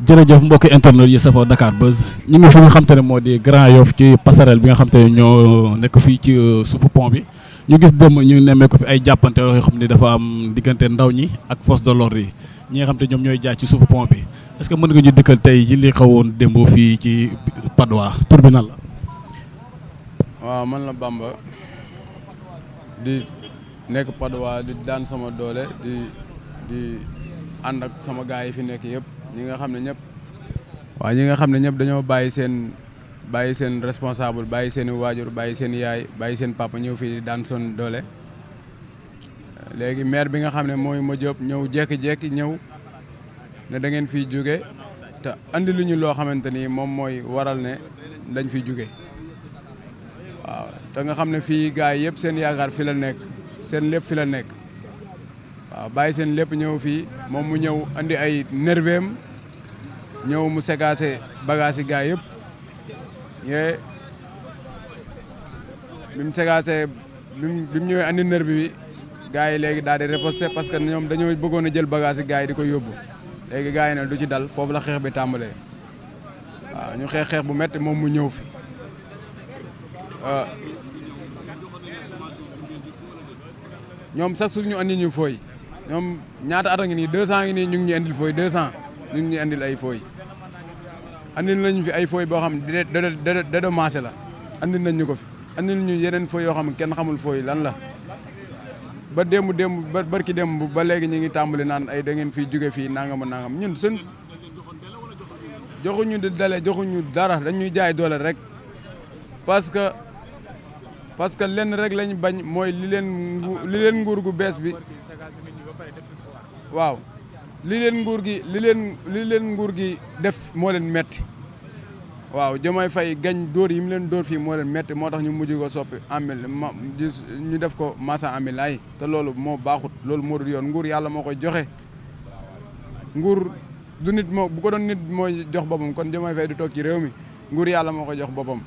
jërëjëf mbokki internet yi safoo Dakar Buzz ñu ngi fi nga xam ne moo di Grand Yoff ci passerelle bi nga xam te ne ñoo nekk fii ci euh, suufu pont bi ñu gis démb ñu nemmee ko fi ay jàppante yoo xam ni dafa am diggante ndaw ñi ak force de l'ordre yi ñi nga xam te ñoom ñooy jaay ci suufu pont bi parce que mën nga ñu dikkal tey ci li woon démb fii ci Patte d'Oie tur la. waaw man la Bamba di nekk Patte di daan sama doole di di ànd ak sama gars yi fi nekk yëpp. ñi nga xam ne ñëpp waaw ñi nga xam ne ñëpp dañoo bàyyi seen bàyyi seen responsable bàyyi seen waajur bàyyi seen yaay bàyyi seen papa ñëw fii daan soon doole léegi maire bi nga xam ne mooy ma jëpp ñëw jekki-jekki ñëw ne da ngeen fiy jóge te andi lu ñu loo xamante ni moom mooy waral ne dañ fiy jóge waaw te nga xam ne fii gars yi yëpp seen yaakaar fi la nekk seen lépp fi la nekk waaw bàyyi seen lépp ñëw fii moom mu ñëw andi ay nerveem ñëw mu segaase bagage gaa yëpp yee bi mu segaase bi mu ñëwee andi nerve bi gaa yi léegi daal di parce que ñoom dañoo bëggoon a jël bagage yi gaa yi di ko yóbbu léegi gaa yi ne du ci dal foofu la xeex bi tàmbalee waaw ñu xeex xeex bu metti moom mu ñëw fi ah. ñoom sax suñu andi ñu fooy. ñoom ñaata at a ngi nii cent ngi nii ñu ngi ñu indil fooy deux cent ñu ngi ñu indil ay fooy andil nañu fi ay fooy boo xam ne dédommagé la andil nañ ñu ko fi andil ñu yeneen fooy yoo xam ne kenn xamul fooy lan la ba démb dem ba barki démb ba léegi ñu ngi tàmbali naan ay da ngeen fiy jóge fii nangam nangam ñun suñ joxuñu di dale joxuñu dara dañuy jaay doole rek parce que parce que lenn rek lañu bañ mooy li leen nguur gu bees bi waaw li leen nguur gi li leen li leen nguur gi def moo leen metti waaw Diomaye fay gañ dóor yi mu leen door fii moo leen metti moo tax ñu mujj ko soppi amel ma ñu def ko massa amel ay te loolu moo baaxut loolu moo dul yoon nguur yàlla moo koy joxe nguur du nit moo bu ko doon nit moo jox boppam kon Diomaye Faye du toog ci réew mi nguur yàlla moo ko jox boppam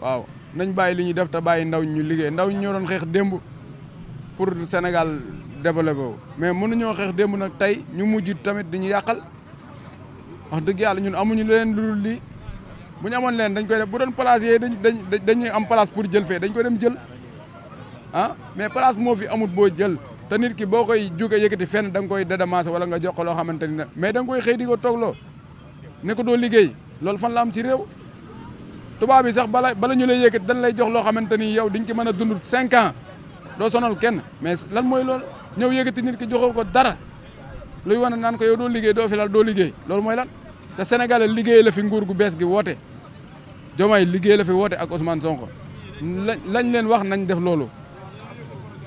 waaw nañ bàyyi li ñuy def te bàyyi ndaw ñu liggéey ndaw ñu ñoo doon xeex démb pour senegal développé wu mais mënuñoo xeex démb nag tey ñu mujj tamit di ñu yàqal wax dëgg yàlla ñun amuñu leen lu dul lii bu ñu amoon leen dañ koy def bu doon place yee dañ dañuy am place pour jël fee dañ koy dem jël ah mais place moo fi amut boo jël te nit ki boo koy jóge yëkkati fenn da nga koy dédamassé wala nga jox ko loo xamante ni mais da koy xëy di ko toogloo ne ko doo liggéey loolu fan la am ci réew tubaab bi sax bala bala ñu lay yëkkati dañ lay jox loo xamante ni yow diñ ko mën a dund cinq an doo sonal kenn mais lan mooy loolu ñëw yëkkati nit ki joxoo ko dara luy wane naan ko yow doo liggéey doo fi lal doo liggéey loolu mooy lan te sénégalais liggéey la fi nguur gu bees gi woote Diomaye liggéey la fi woote ak Ousmane Sonko lañ leen wax nañ def loolu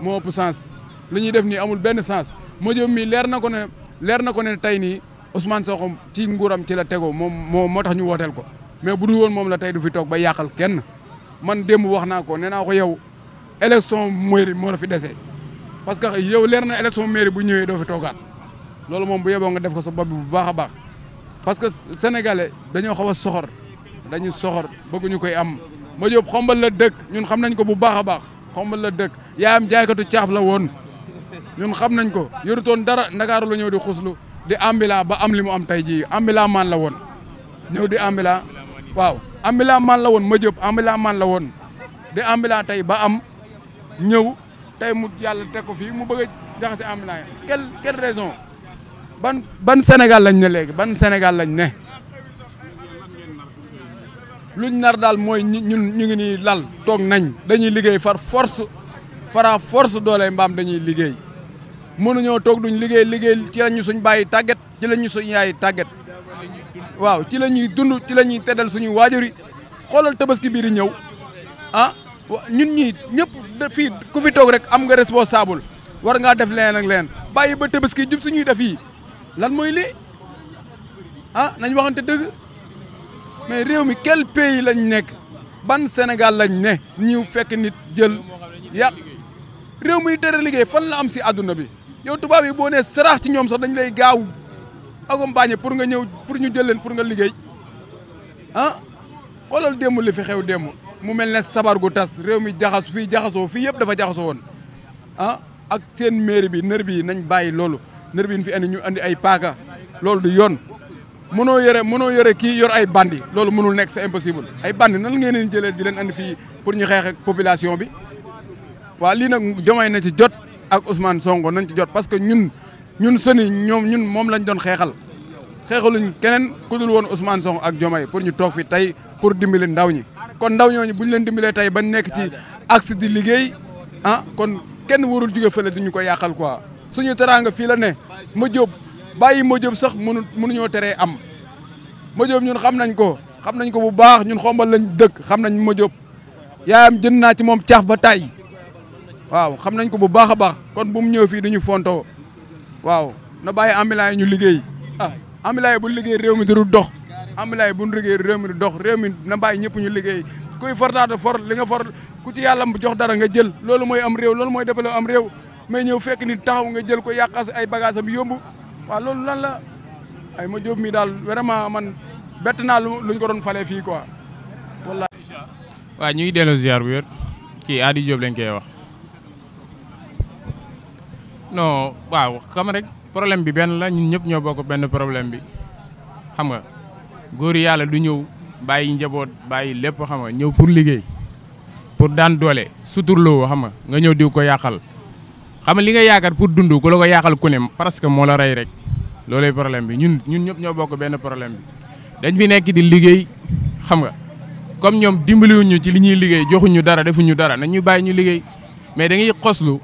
moo ëpp sens li ñuy def nii amul benn sens ma jëm mii leer na ko ne leer na ko ne tey nii Ousmane Sonko ci nguuram ci la tegoo moom moo moo tax ñu wooteel ko mais bu du woon moom la tey du fi toog ba yàqal kenn man démb wax naa ko nee naa ko yow élection mooy moo la fi dese parce que yow leer na élection mairie bu ñëwee doo fi toogaat loolu moom bu yeboo nga def ko sa bopp bi bu baax baax parce que sénégalais dañoo xaw a soxor dañu soxor bëgguñu koy am ma jóob xombal la dëkk ñun xam nañ ko bu baax a baax xombal la dëkk yaayam jaaykatu caaf la woon ñun xam nañ ko yorutoon dara ndakaaru la ñëw di xuslu di ambila ba am li mu am tey jii ambilaa maan la woon ñëw di ambila waaw ambilaa maan la woon ma jóob ambila maan la woon di ambilaa tey ba am ñëw tey mu yàlla teg ko fii mu bëgg a jaxase ambulance quelle quelle raison ban ban senegal lañ ne léegi ban senegal lañ ne luñ nar daal mooy ñu ñu ngi nii lal toog nañ dañuy liggéey far force fara force doole mbaam dañuy liggéey mënuñoo toog duñ liggéey liggéey ci la ñu suñ bàyyi tàgget ci lañu ñu suñ yaay tàgget waaw ci la ñuy dund ci la ñuy teddal suñuy waajur yi xoolal tabaski bii di ñëw ah ñun ñii ñëpp fii ku fi toog rek am nga responsable war ngaa def leen ak leen bàyyi ba tabaski jub suñuy def yi lan mooy lii ah nañ waxante dëgg mais réew mi quel pays lañ nekk ban Sénégal lañ ne ñu fekk nit jël yàq réew muy tere liggéey fan la am si àdduna bi yow tubaab yi boo nee sarax ci ñoom sax dañ lay gaaw accompagner pour nga ñëw pour ñu jël leen pour nga liggéey ah xoolal démb li fi xew démb. mu mel ne sabar gu tas réew mi jaxas fii jaxasoo fii yëpp dafa jaxasoo woon ah ak seen mairie bi nër bi nañ bàyyi loolu nër bi fi andi ñu andi ay paaka loolu du yoon mënoo yore mënoo yore kii yor ay bandi loolu mënul nekk c'est impossible ay bandi nan ngeen leen jëlee di leen andi fii pour ñu xeex ak population bi waaw lii nag Diomaye na ci jot ak Ousmane songo nañ ci jot parce que ñun ñun sëni ñoom ñun moom lañ doon xeexal xeexaluñ keneen ku dul woon usmaan Sonko ak Diomaye pour ñu toog fi tey pour dimbali ndaw ñi kon ndaw ñooñu bu ñu leen dimbalee tey ba nekk ci axe di liggéey ah kon kenn warul jóge fële duñu ko yàqal quoi suñu teraanga fii la ne ma jóob bàyyi ma jóob sax mënu mënuñoo teree am ma jóob ñun xam nañ ko xam nañ ko bu baax ñun xombal lañ dëkk xam nañ ma jóob yaayam jënd naa ci moom caaf ba tay waaw xam nañ ko bu baax a baax kon bu mu ñëw fii duñu fontoo waaw na bàyyi ambulant yi ñu liggéey ah bu liggéey réew mi du dox ambulance bu ñu liggéey réew mi dox réew mi na bàyyi ñëpp ñu liggéey kuy fortaata for li nga for ku ci yàlla mu jox dara nga jël loolu mooy am réew loolu mooy développé am réew mais ñëw fekk ni taxaw nga jël ko yàqas ay bagage am yóbbu waaw loolu lan la ay ma jóob mi daal vraiment man bett naa luñ ko doon falee fii quoi wallaahi. waaw ñu ngi delloo ziar bu wér kii Adi Diop lañ koy wax non waaw xam rek problème bi benn la ñun ñëpp ñoo bokk benn problème bi xam nga. góor yàlla du ñëw bàyyi njaboot bàyyi lépp xam nga ñëw pour liggéey pour daan doole suturloo xam nga nga ñëw di ko yàqal xam nga li nga yaakaar pour dund ku la ko yàqal ku ne parce que moo la rey rek loolay problème bi ñun ñun ñëpp ñoo bokk benn problème bi dañ fi nekk di liggéey xam nga comme ñoom dimbaliwuñu ci li ñuy liggéey joxuñu dara defuñu dara nañ ñu bàyyi ñu liggéey mais da ngay xoslu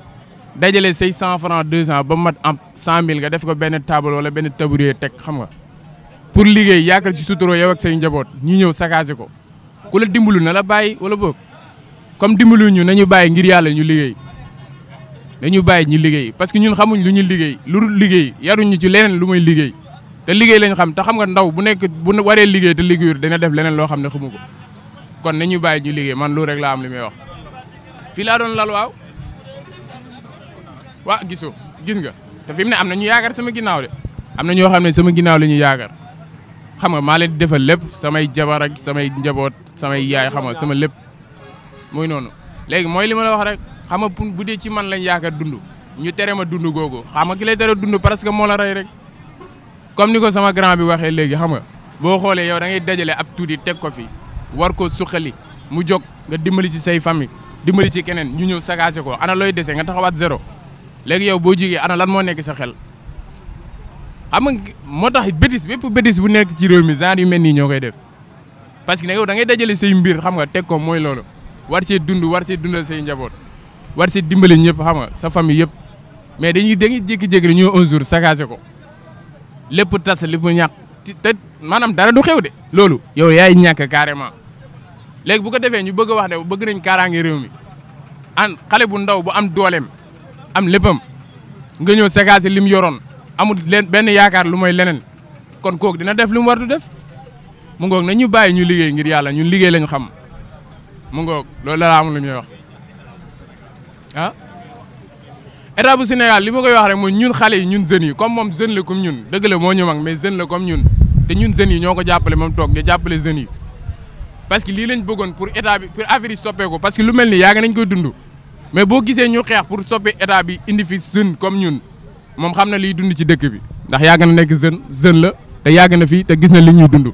dajale say 100 francs 200 ba mat am 100000 nga def ko benn table wala benn tabouret teg xam nga pour liggéey yaakal ci sutura yow ak say njaboot ñu ñëw saccagé ko ku la dimbalu na la bàyyi wala boog comme dimbalu ñu nañu bàyyi ngir yàlla ñu liggéey dañu bàyyi ñu liggéey parce que ñun xamuñ lu ñu liggéey lu dul liggéey yaruñu ci leneen lu muy liggéey te liggéey lañ xam te xam nga ndaw bu nekk bu waree liggéey te liggéeyul dina def leneen loo xam ne xamu ko kon ñu bàyyi ñu liggéey man loolu rek laa am li may wax. fii laa doon lal waaw waa gisoo gis nga te fi mu ne am na ñu sama ginnaaw am na ñoo xam ne sama ginnaaw la ñu yaakaar. xam nga maa leen di defal lépp samay jabar ak samay njaboot samay yaay xam nga sama lépp muy noonu léegi mooy li ma la wax rek xam nga bu dee ci man lañ yaakaar dund ñu tere ma dund googu xam nga ki lay tere dund parce que moo la rey rek comme ni ko sama grand bi waxee léegi xam nga boo xoolee yow da ngay dajale ab tuuti teg ko fi war ko suqali mu jóg nga dimbali ci say famille dimbali ci keneen ñu ñëw sagaase ko ana looy dese nga taxawaat zéro léegi yow boo jigee ana lan moo nekk sa xel xam moo tax bétis bépp bétis bu nekk ci réew mi genre yu mel nii ñoo koy def parce que nag yow da ngay dajale say mbir xam nga teg ko mooy loolu war see dund war see dundal say njaboot war see dimbale ñëpp xam nga sa famille yëpp mais dañuy dañuy jékki-jékki ñoo un jour ko lépp tas lépp ti te maanaam dara du xew de. loolu yow yaay ñàkk carrément léegi bu ko defee ñu bëgg a wax ne bëgg nañ kaaraange réew mi an xale bu ndaw bu am dooleem am léppam nga ñëw saccagé lim yoroon. amul leen benn yaakaar lu mooy leneen kon kooku dina def lu mu war du def mu na ñu bàyyi ñu liggéey ngir yàlla ñun liggéey lañu xam mu ngoog loolu la am lu ñuy wax ah. état bu Sénégal li ma koy wax rek mooy ñun xale yi ñun jeunes yi comme moom jeune la comme ñun dëgg la moo ñu mag mais jeune la comme ñun te ñun jeunes yi ñoo ko jàppale moom toog di jàppale jeunes yi. parce que lii lañ bëggoon pour état bi pour affaire yi soppeeku parce que lu mel ni yaa ngi koy dund mais boo gisee ñu xeex pour soppe état bi indi fi jeune comme moom xam na lii dund ci dëkk bi ndax yàgg na nekk jeune jeune la te yàgg na fii te gis na li ñuy dund.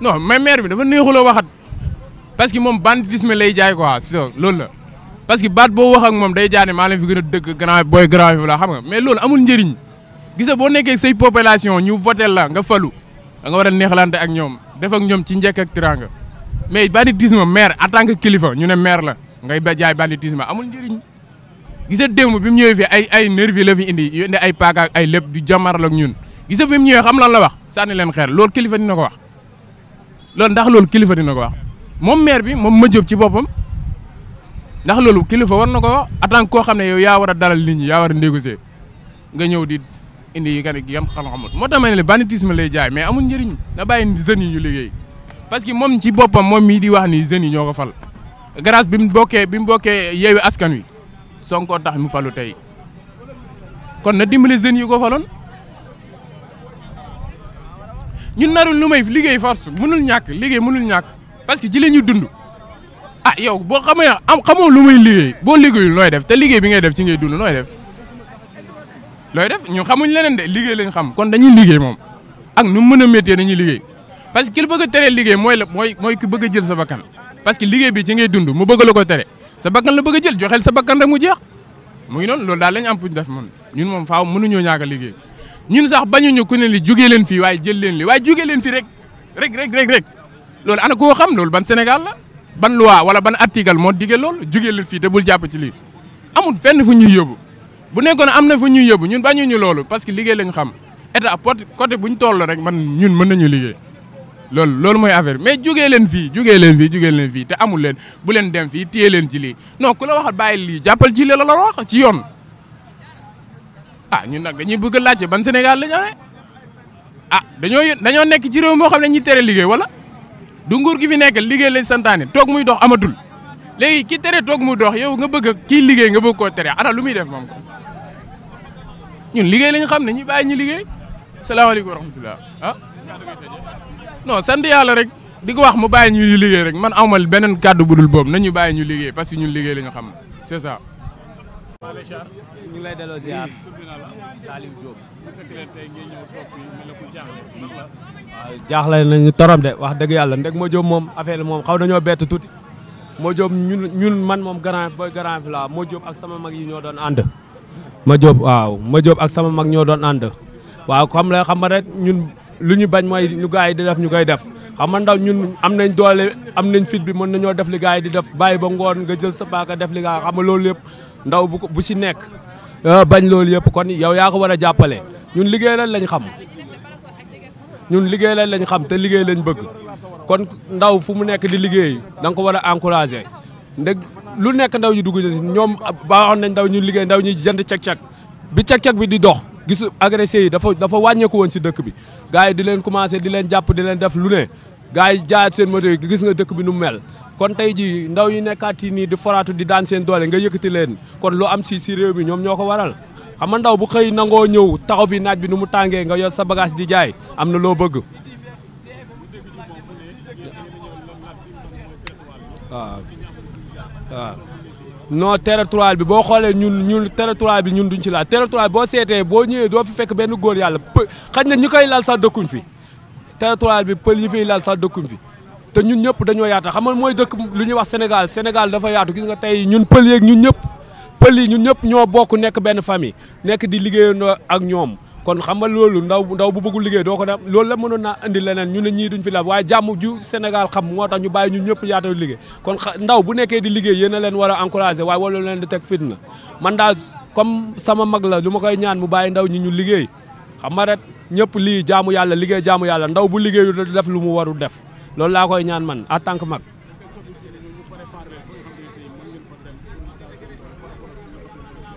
non mais maire bi dafa neexuloo waxat parce que moom banditisme lay jaay quoi so loolu la parce que baat boo wax ak moom day jaane maa leen fi gën a dëkk grand booy grand fi la xam nga mais loolu amul njëriñ gis nga boo nekkee say population ñu votel la nga falu a nga war a neexalante ak ñoom defak ñoom ci njëkk ak teraanga mais banditisme maire en tant que kilifa ñu ne maire la. ngay ba jaay banditisme amul njëriñ gisa démb bi mu ñëwee fii ay ay nervi la fi indi yónnee ay paaka ay leb di jamarloo ak ñun gisa bi mu ñëwee xam lan la wax sànni leen xeer lool kilifa dina ko wax loolu ndax loolu kilifa dina ko wax moom maire bi moom ma jóg ci boppam ndax loolu kilifa war na ko wax en tant koo xam ne yow yaa war a dalal nit yaa war a négocier nga ñëw di indi yi ka ne yam xam-xamut moo tax ma ne le banditisme lay jaay mais amul njëriñ na bàyyi jeunes yi parce que moom ci boppam moom mii di wax ni jeunes yi ñoo ko grâce bi mu bokkee bi mbokkee bokkee yeewi askan wi Sonko tax mu falu tey kon na dimbali jeunes yi ko faloon ñun narul lu may liggéey force mënul ñàkk liggéey mënul ñàkk parce que ci la ñuy dund ah yow boo xamee am xamoo lu muy liggéey boo liggéeyul nooy def te liggéey bi ngay def ci ngay dund nooy def looy def ñu xamuñ leneen de liggéey lañ xam kon dañuy liggéey moom ak nu mën a méttee dañuy liggéey parce que ki la bëgg a teree liggéey mooy la mooy mooy ki bëgg a jël sa bakkan parce que liggéey bi ci ngay dund mu bëgg la ko tere sa bakkan la bëgg a jël joxel sa bakkan rek mu jeex mu ngi noonu loolu daal lañ am pour def man ñun moom faaw mënuñoo ñaaka liggéey ñun sax bañuñu ku ne li jugee leen fii waaye jël leen li waaye jugee leen fi rek rek rek rek rek loolu ana koo xam loolu ban Sénégal la ban loi wala ban article moo diggee loolu jugee leen fii te bul jàpp ci lii amul fenn fu ñuy yóbbu bu nekkoon am na fu ñuy yóbbu ñun bañuñu loolu parce que liggéey lañ xam état côté bu ñu toll rek man ñun mën nañu liggéey loolu loolu mooy affaire mais jógee leen fii jógee leen fii jógee leen fii te amul leen bu leen dem fii téye leen ci lii non ku la waxat bàyyi lii jàppal ci lii la la wax ci yoon ah ñu nag dañuy bëgg a laajte ban Sénégal la ñu amee ah dañoo dañoo nekk ci réew moo xam ne ñi tere liggéey wala du nguur gi fi nekk liggéey lañ santaane toog muy dox amatul léegi ki tere toog muy dox yow nga bëgg a kii liggéey nga bëgg koo tere ana lu muy def moom ko ñun liggéey lañ xam ne ñu bàyyi ñu liggéey salaamaaleykum wa non sant yàlla rek di ko wax mu bàyyi ñu liggéey rek man amal beneen kàddu bu dul boobu nañu bàyyi ñu liggéey parce que ñun liggéey li ñu xam c'est ça. ñu ngi lay delloo ziar Saliou Diop. waaw jaaxle nañu torop de wax dëgg yàlla ndeg moo Diop moom affaire moom xaw nañoo bett tuuti. moo Diop ñun ñun man moom grand boy grand fi la moo Diop ak sama mag yi ñoo doon ànd. ma Diop waaw ma Diop ak sama mag ñoo doon ànd. waaw comme la xam nga rek ñun. lu ñu bañ mooy lu gars yi di def ñu koy def xam ndaw ñun am nañ doole am nañ fit bi mën nañoo def li gars yi di def bàyyi ba ngoon nga jël sa paaka def li gars xam nga ndaw bu bu si nekk ah, bañ loolu yëpp kon yow yaa ko war a jàppale ñun liggéey lan lañ xam ñun liggéey lan lañ xam te liggéey lañ bëgg kon ndaw fu mu nekk di liggéey da war a encouragé ndeg lu nekk ndaw ñu dugg si ñoom baaxoon nañ daw ñu liggéey ndaw ñuy jënd cek-cek bi cek-cek bi di dox gis agressé yi dafa dafa wàññeeku si dëkk bi gars yi di leen commencé di leen jàpp di leen def lu ne gars yi jaayaat seen moto yi gis nga dëkk bi nu mel kon tey jii ndaw yi nekkaat yi nii di foraatu di daan seen doole nga yëkkati leen kon lu am si si réew mi ñoom ñoo ko waral xam ndaw bu xëy nangoo ñëw taxaw fi naaj bi nu mu tàngee nga yor sa bagage di jaay am na loo bëgg waaw ah. ah. waaw non territoire bi boo xoolee ñun ñun territoire bi ñun duñ ci laal territoire boo seetee boo ñëwee doo fi fekk benn góor yàlla pë xaj na ñi koy lal sax dëkkuñ fi territoire bi pël yi fiy lal sax dëkkuñ fi te ñun ñëpp dañoo yaata xam mooy dëkk lu ñuy wax senegal Sénégal dafa yaatu gis nga tey ñun pël yeeg ñun ñëpp pël yi ñun ñëpp ñoo bokk nekk benn famille nekk di liggéeyandoo ak ñoom kon xam nga loolu ndaw ndaw bu bëggul liggéey doo ko def loolu la mënoon na indi leneen ñu ne ñii duñ fi laaj waaye jàmm ju Sénégal xam moo tax ñu bàyyi ñun ñëpp yaata liggéey kon ndaw bu nekkee di liggéey yéen a leen war a encouragé leen di teg fitna man daal comme sama mag la lu ma koy ñaan mu bàyyi ndaw ñu ñu liggéey xam nga rek ñëpp lii jaamu yàlla liggéey jaamu yàlla ndaw bu liggéeyu def lu mu warul def loolu laa koy ñaan man en tant mag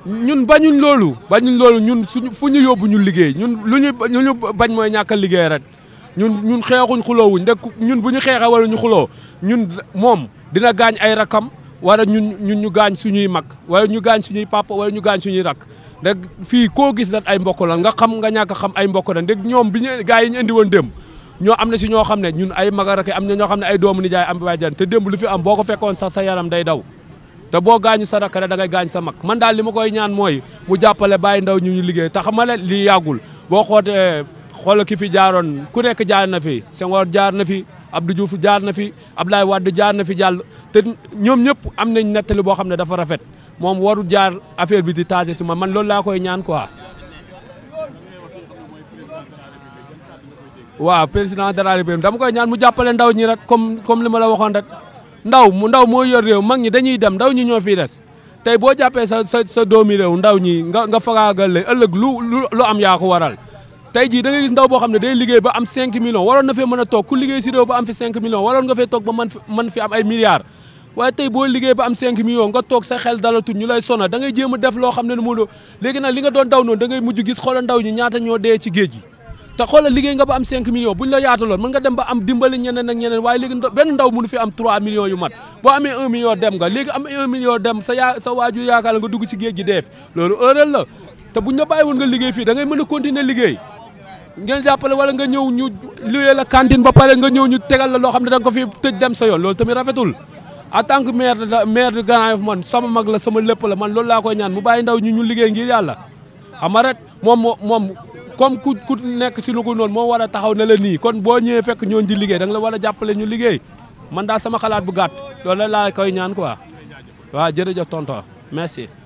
ñun bañuñ loolu bañuñ loolu ñun suñu fu ñu yóbbu ñu liggéey ñun lu ñu lu ñu bañ mooy ñàkk a liggéey rek ñun ñun xeexuñ xuloowuñ ndek ñun bu ñu xeexee wala ñu xuloo ñun moom dina gaañ ay rakam wala ñun ñun ñu gaañ suñuy mag wala ñu gaañ suñuy papa wala ñu gaañ suñuy rak ndek fii koo gis rat ay mbokk la nga xam nga ñàkk xam ay mbokk la ndek ñoom bi ñu gars yi ñu indi woon démb ñoo am na si ñoo xam ne ñun ay magarake am na ñoo xam ne ay doomu nijaay am bajan te démb lu fi am boo ko fekkoon sax sa yaram day daw te boo gaañu sa rakk rek da ngay gaañ sa mag man daal li ma koy ñaan mooy mu jàppale baay ndaw ñu ñu liggéey te lii yàggul boo xootee xoola ki fi jaaroon ku nekk jaar na fi Senghor jaar na fi Abdou Diouf jaar na fi Abdoulaye Wade jaar na fi jàll te ñoom ñëpp am nañ nettali boo xam ne dafa rafet moom waru jaar affaire bi di tase ci ma man loolu laa koy ñaan quoi waaw président de la République dama koy ñaan mu jàppale ndaw ñi rek comme comme li ma la waxoon rek ndaw mu ndaw moo yor réew mag ñi dañuy dem ndaw ñi ñoo fiy des tey boo jàppee sa sa sa doomi réew ndaw ñi nga nga fagaagal la ëllëg lu lu am yaa ko waral tey jii da ngay gis ndaw boo xam ne day liggéey ba am 5 millions waroon na fee a toog ku si réew am fi 5 millions waroon nga fee toog ba mën mën fi am ay milliards waaye tey boo liggéey ba am 5 millions nga toog sa xel dalatul ñu lay sona da ngay a def loo xam ne ne mu léegi nag li nga doon daw noonu da ngay mujj gis xoola ndaw ñi ñaata ñoo dee ci géej gi te xoolal liggéey nga ba am 5 millions buñ la yaataloon mën nga dem ba am dimbali ñeneen ak ñeneen waaye léegi benn ndaw mënu fi am 3 millions yu mat boo amee 1 million dem nga léegi am 1 million dem sa yaa sa waajur yaakaar nga dugg ci géej gi deef loolu erreur la te buñ la bàyyi woon nga liggéey fii da ngay mën a continuer liggéey ngeen jàppale wala nga ñëw ñu luyee la cantine ba pare nga ñëw ñu tegal la loo xam ne da ko fi tëj dem sa yoon loolu tamit rafetul en tant que maire maire de Grand Yoff man sama mag la sama lépp la man loolu laa koy ñaan mu bàyyi ndaw ñu ñu liggéey ngir yàlla xam nga rek moom moom comme ku ku nekk si lu ko moo war a taxaw na la nii kon boo ñëwee fekk ñooñu di liggéey da nga la war a jàppale ñu liggéey man daa sama xalaat bu gàtt loolu laa koy ñaan quoi waaw jërëjëf tonton merci.